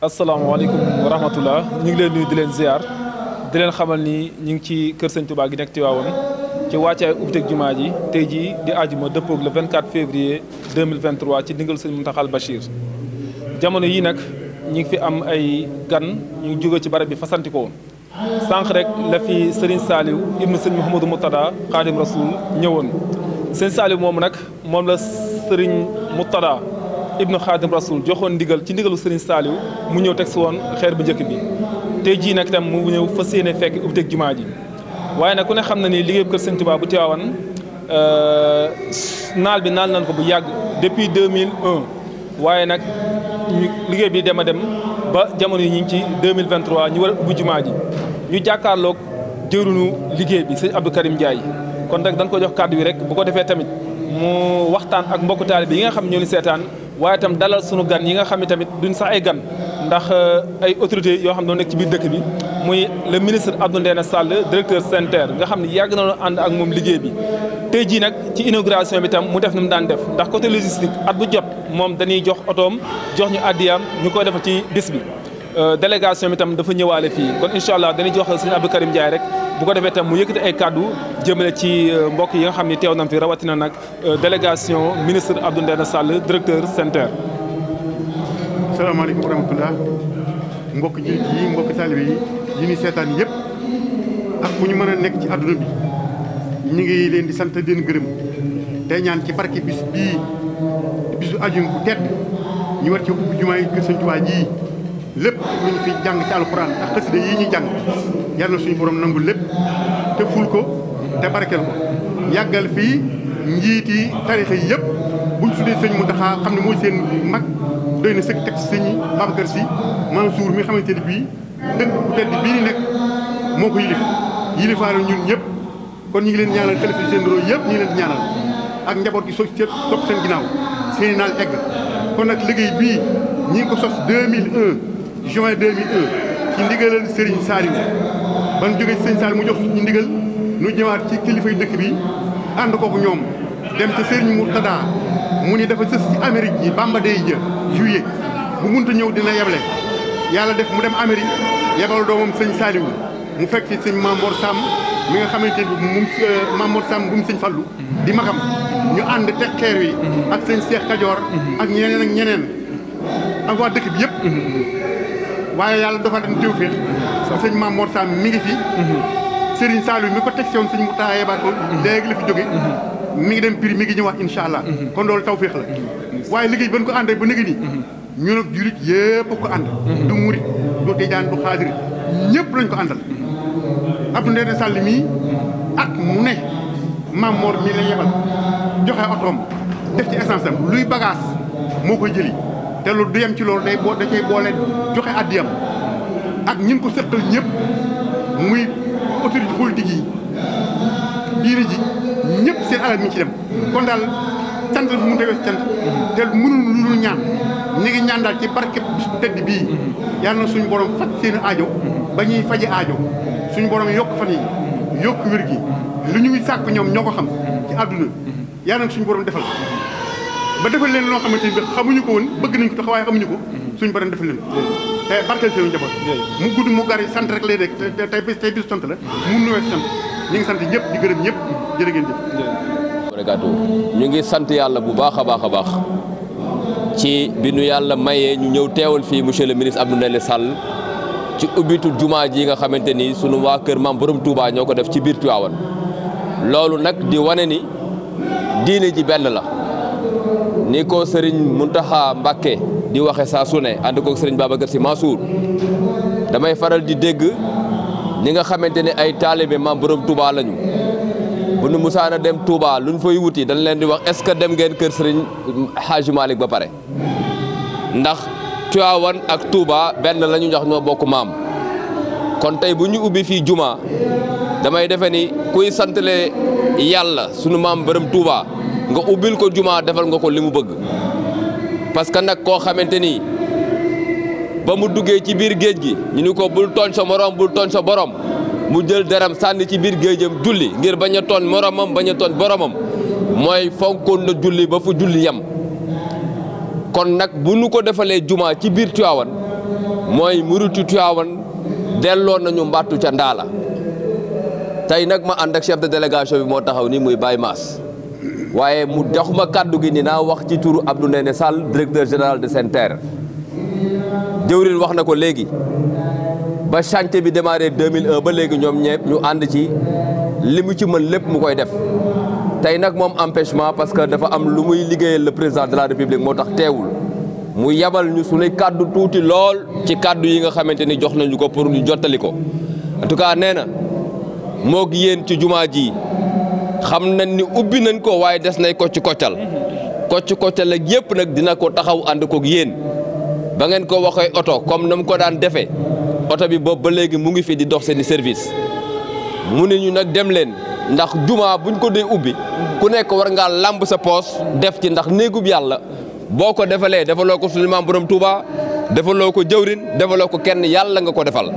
asalaamaaleykum wa rahmatullah ñu ngi leen nuyu di leen ziar di leen xamal ni ñu ngi ci kër sëñ Touba gi nekk Tivaouane ci wàccaay ubbiteg jumaa ji tey jii di àjjuma dëppoog le 24 février 2023 ci ndigal sëñ Mountakha Bachir jamono yi nag ñu ngi fi am ay gan ñu ngi jóge ci barab bi fasantikoo sànq rek la fi Serigne Saliou ibnu sëñ Mouhamadou Moutada Khadim Rasoul ñëwoon sëñ Saliou moom nag moom la Serigne Moutada ibnu xaadim rasul joxoon ndigal ci ndigalu Serigne Saliou mu ñëw teg si woon xeer bu njëkk bi tey jii nag itam mu ñëw fas yéene fekk ubbeeg jumaa ji waaye nag ku ne xam na ni liggéeyu kër Serigne Touba bu Tiwaawan euh, naal bi naal nañ ko bu yàgg depuis 2001 waaye nag liggéey bi dem a dem ba jamono yi ñu ngi ci 2023 ñu war a ubbi jumaa ji ñu jàkkaarloog jëruñu liggéey bi sëñ Abdou Karim Ndiaye kon nag dañ ko jox kàddu yi rek bu ko defee tamit mu waxtaan ak mbokku bi yi nga xam ñoo ni seetaan waaye itam dalal suñu gan yi nga xam ne tamit duñ sax ay gan ndax euh, ay autorités yoo xam ne nekk ci biir dëkk bi muy le ministre Abdou Ndéné Sall directeur SENTER nga xam ne yàgg na loo ànd ak moom liggéey bi. tey jii nag ci inauguration bi tam mu def ni mu daan def ndax côté logistique at bu jot moom dañuy jox otoom jox ñu addiyaam ñu koy defal ci bis bi. Euh, délégation bi tam dafa ñëwaale fii kon incha allah dañuy jox sëñ Abdou Karim Ndiaye rek. bu ko defee tam mu yëkkati ay kàddu jëmale ci euh, mbokk yi nga xam ni teew nañ fi rawatina nag euh, délégation ministre Abdou Ndéné Sall directeur SENTER. salaamaaleykum wa rahmatulah mbokk jullit yi mbokk taalibe yi yi ñuy seetaan yëpp ak fu ñu mën a nekk ci àdduna bi ñu ngi leen di sant di leen gërëm tey ñaan ci barke bis bii bisu ajum bu tedd ñu war ci ubbi jumaa yi kër Sëñ lépp ñu ngi fi jàng ci alxuraan ak xasida yi ñuy jàng. yàlla na suñu borom nangul lépp te ful ko te barkeel ko yàggal fii njiiti tarixa yi yëpp buñ tuddee sëñ mu Mountakha xam ne mooy seen mag doy na sëkk teg si sëñ Babacar man Mansour mi xamante ne bii dëkk bu tedd bii ni nekk moo ko yilif yilifaale ñun ñëpp kon ñu ngi leen ñaanal xalifa généraux yëpp ñu ngi leen ñaanal ak njaboot gi soog topp seen ginnaaw seen i naal egg kon nag liggéey bii ñi ko sos 2001 juin 2001 ci ndigalal Serigne Saliou ban jóge ci Serigne Saliou mu jox ñu ndigal nu ñëwaat ci kilifay dëkk bi ànd kooku ñoom dem ca Serigne Mourtada mu ni dafa sës ci Amérique yi Bamba Day jë juillet bu munta ñëw dina yeble yàlla def mu dem Amérique yebal doomam sëñ Saliou mu fekk fi Serigne Mamboor Sam mi nga xamante ni moom euh, Mamboor Sam bu mu Serigne Fallou di magam ñu ànd teg xeer ak sëñ seex Kajoor ak ñeneen ak ñeneen ak waa dëkk bi yëpp waaye yàlla dafa dem jiw fii sëñ Maam Mor Sam mi ngi fi. Mhm. Serigne Saliou mi ko teg si woon sëñ Moutakha Yeba ko. Mhm. léegi la jóge mhm. mi ngi dem prix mi ngi ñëwaat incha allah. kon loolu tawféex la. waaye liggéey ban ko àndee ba léegi nii. ñun yépp jurit ko ànd. du murit du tijaan du xaadir ñëpp lañ ko àndal. Abdou Ndéné Sall mii at mu ne Maam Mor mii la yebal joxe otoom def ci essence luy bagage moo koy jëli. te lu ci loolu day boo da cay boole joxe àddiyam ak ñin ko sëqal ñëpp muy autorité politique yi diine ji ñëpp seen alal mi ci dem kon daal sant la fu mu te mënul lu dul ñaan ñu ngi ñaan daal ci barke bis tëdd bii yàlla na suñu borom faj seen aajo ba ñuy faje aajo suñu borom yokk fan yi yokk wér gi lu ñuy sàkk ñoom ñoo ko xam ci àdduna yàlla na suñu borom defal ba defal leen loo xamante ni xamuñu ko woon bëgg nañ ko tax waaye xamuñu ko suñu te barkeel seen njaboot mu gudd mu gari sant rek lay rek tey bis tey bisu sant la mu sant ñu di gërëm ñëpp jërë ngeen jëf ngi sant yàlla bu baax a baax a baax ci bi nu yàlla mayee ñu ñëw teewal fii monsieur le ministre Abdou Ndéné Sall ci ubbitu jumaa ji nga xamante ni sunu waa kër maam borom Touba ñoo ko def ci biir Tiwaawan loolu nag di wane ni diine ji benn la ni ko sëriñ Muntaxa Mbàkke di waxe saa su ne ànd koog sëriñ Babacar Sy Mansour damay faral di dégg ñi nga xamante ni ay taalibe maam borom Touba lañu bu nu musaana dem Touba luñ fay wuti dañ leen di wax est-ce que dem ngeen kër sëriñ Hadji Malick ba pare ndax Tiwaawan ak tuuba benn la ñu ndax ñoo bokk maam kon tey bu ñu ubbi fii juma damay defe ni kuy santale yàlla sunu maam borom Touba nga ubbil ko jumaa defal nga ko li mu bëgg parce que nag koo xamante ni ba mu duggee ci biir géej gi ñu ni ko bul tooñ sa moroom bul tooñ sa borom mu jël deram sànni ci biir géejam julli ngir bañ a tooñ moroomam bañ a tooñ boromam mooy fonkoon na julli ba fu julli yem kon nag bu nu ko defalee jumaa ci biir Tiwaawan mooy muritu Tiwaawan delloo nañu mbàttu ca ndaala tey nag ma ànd ak chef de délégation bi moo taxaw nii muy Baye Mass waaye mu joxuma kàddu gi ni naa wax ci turu Abdou Ndéné Sall directeur général de SENTER jëwrin wax na ko léegi ba chantier bi démarré 2001 ba léegi ñoom ñëpp ñu ànd ci li mu ci mën lépp mu koy def tey nag moom empêchement parce que dafa am lu muy liggéeyal le président de la république moo tax teewul mu yabal ñu suñuy kàddu tuuti lool ci kàddu yi nga xamante ni jox nañu ko pour ñu jottali ko en tout nee na moog yéen ci jumaa ji xam nañ ni ubbi nañ ko waaye des nay kocc koccal kocc koccal lag yëpp nag dina ko taxaw ànd koog yéen ba ngeen ko waxee oto comme na ko daan defee oto bi boobu ba léegi mu ngi fi di dox seeni service mu ne ñu nag dem leen ndax jumaa buñ ko dee ubbi ku nekk war ngaa làmb sa poos def ci ndax néegub yàlla boo ko defalee defaloo ko suñu maam borom Touba defaloo ko jëwrin defaloo ko kenn yàlla nga ko defal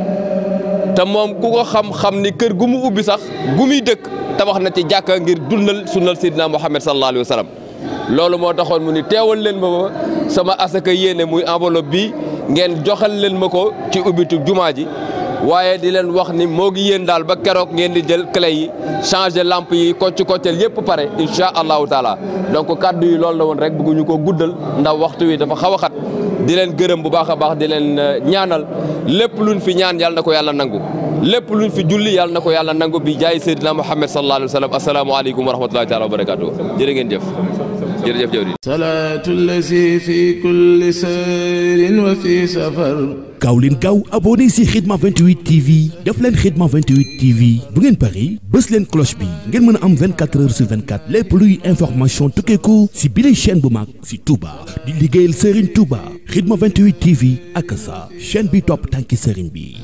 te moom ku ko xam-xam ni kër gu mu ubbi sax gu muy dëkk tabax na ci jàkka ngir dundal sunnal Seydina Muhammad sallallahu alayhi loolu moo taxoon mu ni teewal leen ma ko sama asaka yéene muy enveloppe bi ngeen joxal leen ma ko ci ubbitu jumaa ji waaye di leen wax ni moo gi yéen daal ba keroog ngeen di jël clé yi changé lampe yi kocc koccal yëpp pare incha allahu taala donc kaddu yi loolu la woon rek bëgguñu ko guddal ndax waxtu wi dafa xaw a xat di leen gërëm bu baax a baax di leen euh, ñaanal lépp luñ fi ñaan yàlla na ko yàlla nangu lépp luñ fi julli yàlla na ko yàlla nangu bi jaay Seydina Muhammad sallallahu alayhi wa sallam asalaamaaleykum wa rahmatullahi taala wa barakatuh jërë ngeen jëf jërëjëf jëwriñ salaatu lazi fi kulli sayrin wa fi safar gaaw leen gaaw abonné si Khidma 28 TV def leen Khidma 28 TV bu ngeen pari bés leen cloche bi gen mën a am 24 heures sur 24 lépp luy information tukkeeku si bile chaîne bu mag si Touba di liggéeyal Serigne Touba Khidma 28 TV ak sa chaîne bi topp tànki sëriñ bi.